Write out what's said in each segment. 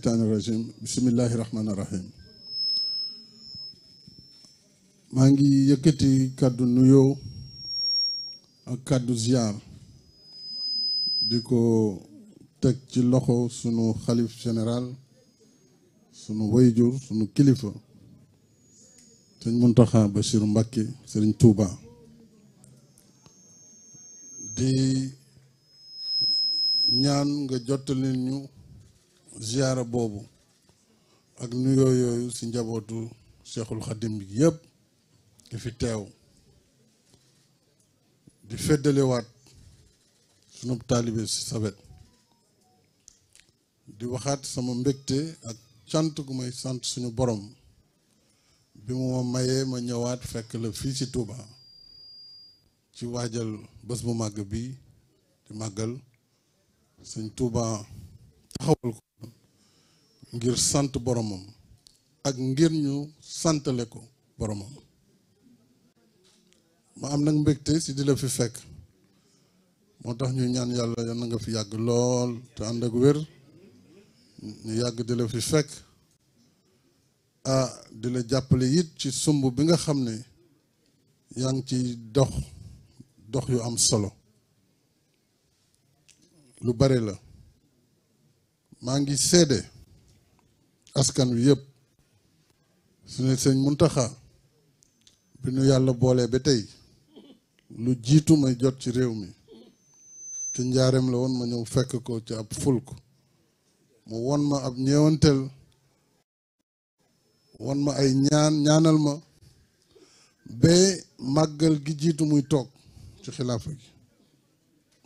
sheytaani rajim bisimillahi rahmaani rahim maa ngi yëkkati kàddu nuyoo ak kàddu ziar di ko teg ci loxo sunu xalif général sunu wayjur sunu kilifa sëñ Muntaxa Basiru Mbàkke sëriñ Tuuba di ñaan nga jottali ñu ziyaara boobu ak nuyoo yooyu ci njabootu Seexul Xadim yépp yëpp di fi teew di feddalewaat sunu taalibe ci sabet di waxaat sama mbégte ak cant gu may sant suñu borom bi mu ma mayee ma ñëwaat fekk la fii ci tuuba ci waajal bés bu màgg bi di màggal sëñ Touba taxawal ngir sant boromam ak ngir ñu santale ko boromam ma am nag mbégte si di la fi fekk moo tax ñu ñaan yàlla yal nanga fi yàgg lool te ànd ak wér ñu yàgg di la fi fekk di la jàppale it ci sumb bi nga xam ne yaa ngi ci dox dox yu am solo lu bare la maa ngi seede askan wi yëpp ne sëñ Muntaxa bi nu yàlla boolee ba tey lu jiitu may jot ci réew mi te njaareem la woon ma ñëw fekk ko ci ab fulk mu won ma ab ñeewantel won ma ay ñaan ñaanal ma ba màggal gi jiitu muy toog ci xilaafa gi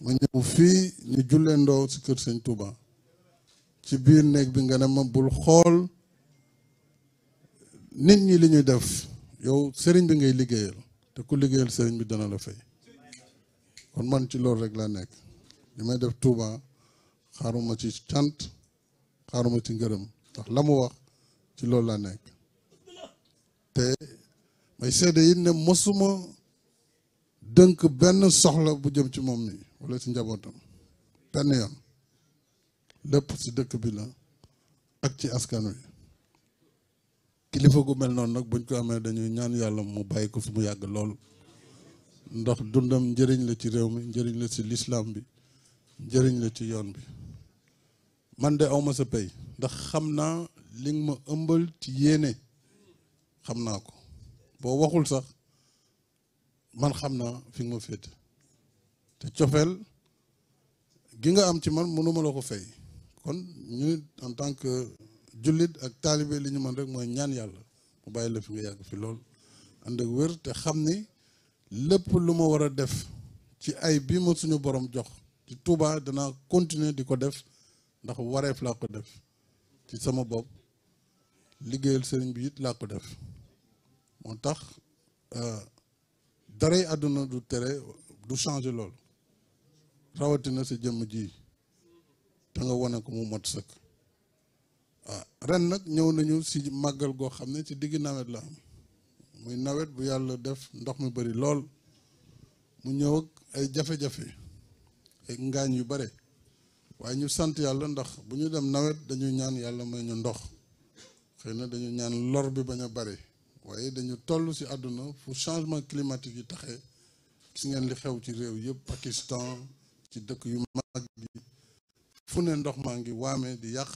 ma ñëw fii ñu julleendoo ci kër sëñ Touba. ci biir néeg bi nga ne ma bul xool nit ñi li ñuy def yow sëriñ bi ngay liggéeyal te ku liggéeyal sëriñ bi dana la fay kon man ci loolu rek laa nekk li may def Touba xaaruma ci cant xaaruma ci ngërëm ndax la mu wax ci loolu laa nekk te may seede yi ne mosuma dënk benn soxla bu jëm ci moom mi wala ci njabootam benn yoon lépp si dëkk bi la ak ci askan wi kilifa gu mel noonu nag buñ ko amee dañuy ñaan yàlla mu bàyyi ko fi mu yàgg lool ndax dundam njëriñ la ci réew mi njëriñ la ci lislaam bi njëriñ la ci yoon bi man de awma sa pay ndax xam naa li nga ma ëmbal ci yéene xam naa ko boo waxul sax man xam naa fi nga féete te cofeel gi nga am ci man mënuma la ko fay kon ñu en tant que jullit ak taalibe li ñu man rek mooy ñaan yàlla mu la fi nga yàgg fi lool ànd ak te xam ni lépp lu ma war a def ci ay bi ma suñu borom jox ci Touba danaa continuer di ko def ndax wareef laa ko def ci sama bopp liggéeyal sëriñ bi it laa ko def moo tax euh, daray àdduna du tere du changer loolu rawatina si jëmm ji te nga wane ko mu mot sëkk waaw ah, ren nag ñëw nañu si màggal goo xam ne ci digg nawet la am muy nawet bu yàlla def ndox mu bari lool mu ñëw ay jafe-jafe ay ngaañ yu bare waaye ñu sant yàlla ndax bu ñu dem nawet dañu ñaan yàlla may ñu ndox xëy na dañu ñaan lor bi bañ a bare waaye dañu toll si àdduna fu changement climatique yi taxee gis ngeen li xew ci réew yëpp Pakistan ci dëkk yu mag fu ne ndox maa ngi waame di yàq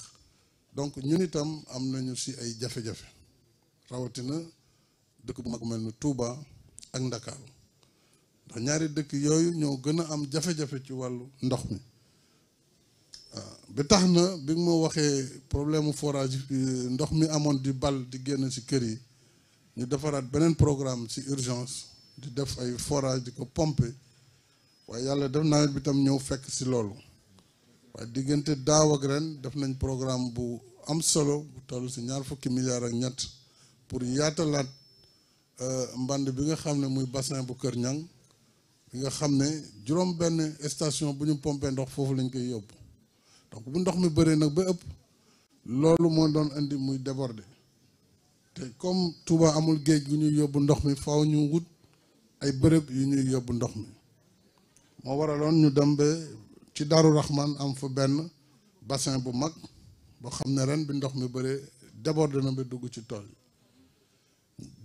donc ñun itam am nañu si ay jafe-jafe rawatina dëkk bu mag mel ni Touba ak Ndakaaru ndax ñaari dëkk yooyu ñoo gën a am jafe-jafe ci wàllu ndox mi ah, ba tax na bi waxee problème mu forage euh, ndox mi amoon di bal di génn si kër yi ñu defaraat beneen programme si urgence di def ay forage di ko pomper waaye yàlla def nawet bi tam ñëw fekk si loolu waaye diggante daaw ren def nañ programme bu am solo bu toll si ñaar fukki milliards ak ñett pour yaatalaat euh, mband bi nga xam ne muy bassin bu Kër Ñang bi nga xam ne juróom benn station bu ñu pompé ndox foofu lañ koy yóbbu donc bu ndox mi bëree nag ba ëpp loolu moo doon indi muy débordé te comme Touba amul géej gu ñuy yóbbu ndox mi faaw ñu wut ay bërëb yu ñuy yóbbu ndox mi moo waraloon ñu dem ba ci Daaru Rahman am fu benn bassin bu mag boo xam ne ren bi ndox mi bëree déborde na ba dugg ci tool yi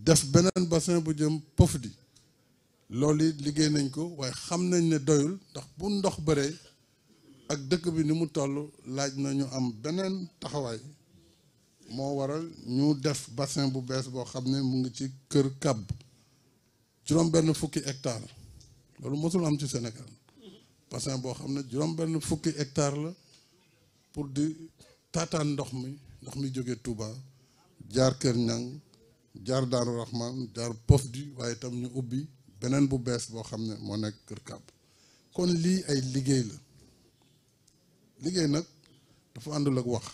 def beneen bassin bu jëm pof di loolu it liggéey nañ ko waaye xam nañ ne doyul ndax bu ndox baree ak dëkk bi ni mu toll laaj na ñu am beneen taxawaay moo waral ñu def bassin bu bees boo xam ne mu ngi ci kër kàbb juróom benn fukki hectare loolu mosul am ci senegal bassin boo xam ne juróom-benn fukki hectare la pour di taataan ndox mi ndox mi jóge Touba jaar Kër Ñang jaar Daaru Rahman jaar Pof di waaye itam ñu ubbi beneen bu bees boo xam ne moo nekk Kër Kàbb kon lii ay liggéey la liggéey nag dafa àndul ak wax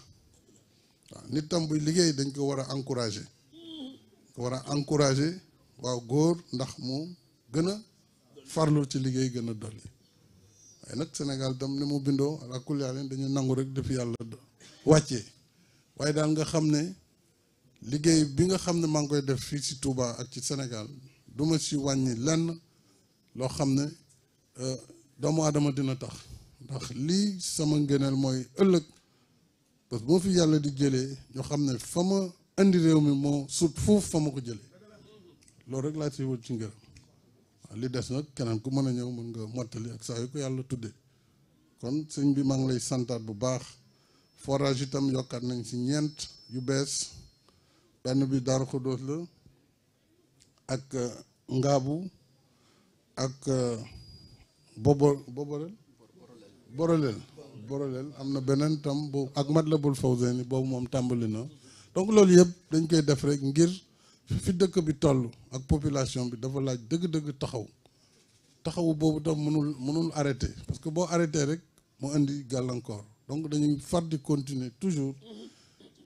waaw nit tam buy liggéey dañ ko war a encourager war a encourager waaw góor ndax mu gën a farlu ci liggéey gën a dolli waaye nag Sénégal tam ni mu bindoo ala kulli leen dañu nangu rek def yàlla wàccee waaye daal nga xam ne liggéey bi nga xam ne maa ngi koy def fii si Touba ak ci Sénégal du si ci wàññi lenn loo xam ne euh, doomu aadama dina tax ndax lii sama ngëneel mooy ëllëg parce que boo yàlla di jëlee ñu xam ne fa ma indi réew mi moo sut foofu fa ma ko jëlee loolu rek laa ci wut ci ngërëm li des nag kenaan ku mën a ñëw mën nga mottali ak saa yu ko yàlla tudde kon sëñ bi maa ngi lay santaat bu baax forage itam yokkaat nañ si ñeent yu bees benn bi Daaru Xudóos la ak uh, Ngaabu ak uh, bobo boborel boroleel boroleel am na beneen tam boobu ak Matlabul Fawzayni boobu moom tàmbali na donc loolu yëpp dañ koy def rek ngir fi dëkk bi toll ak population bi dafa laaj dëgg-dëgg taxaw taxawu boobu tam mënul mënul arrêté parce que boo arrêté rek mu indi gàllankoor donc dañuy far di continuer toujours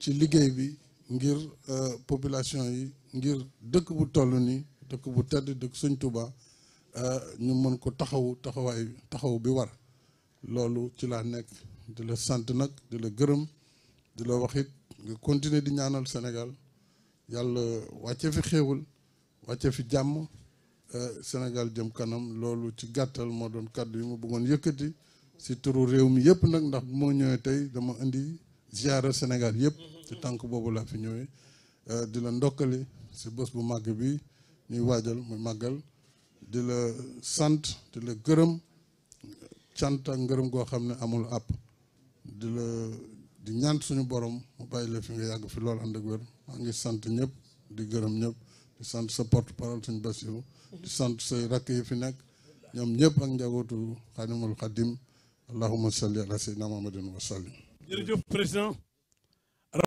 ci liggéey bi ngir euh, population yi ngir dëkk bu toll nii dëkk bu tedd dëkk Sëñ Tuubaa euh, ñu mën ko taxawu taxawaay taxaw bi war loolu ci laa nekk di la sant nag di la gërëm di la waxit it nga continuer di ñaanal Sénégal yàlla wàcce fi xéewal wàcce fi jàmm e, Sénégal jëm kanam loolu ci gàttal moo doon kàddu yi ma bëggoon yëkkati si turu réew mi yëpp nag ndax moo ñëwee tey dama indi ziara Sénégal yëpp mm-hmm. ci tànk boobu laa fi ñëwee e, di la ndokkali si bës bu màgg bi ñuy waajal muy màggal di la sant di la gërëm cant ak ngërëm goo xam ne amul àpp di la di ñaan suñu borom mu bàyyi la fi nga yàgg fi loolu ànd ak wér maa ngi sant ñëpp di gërëm ñëpp di sant sa porte parole suñu Basiru di sant say rakk yi fi nekk ñoom ñëpp ak njabootu xadimul xadim allahuma salli ala sayyidina muhammadin wa sallim jërëjëf président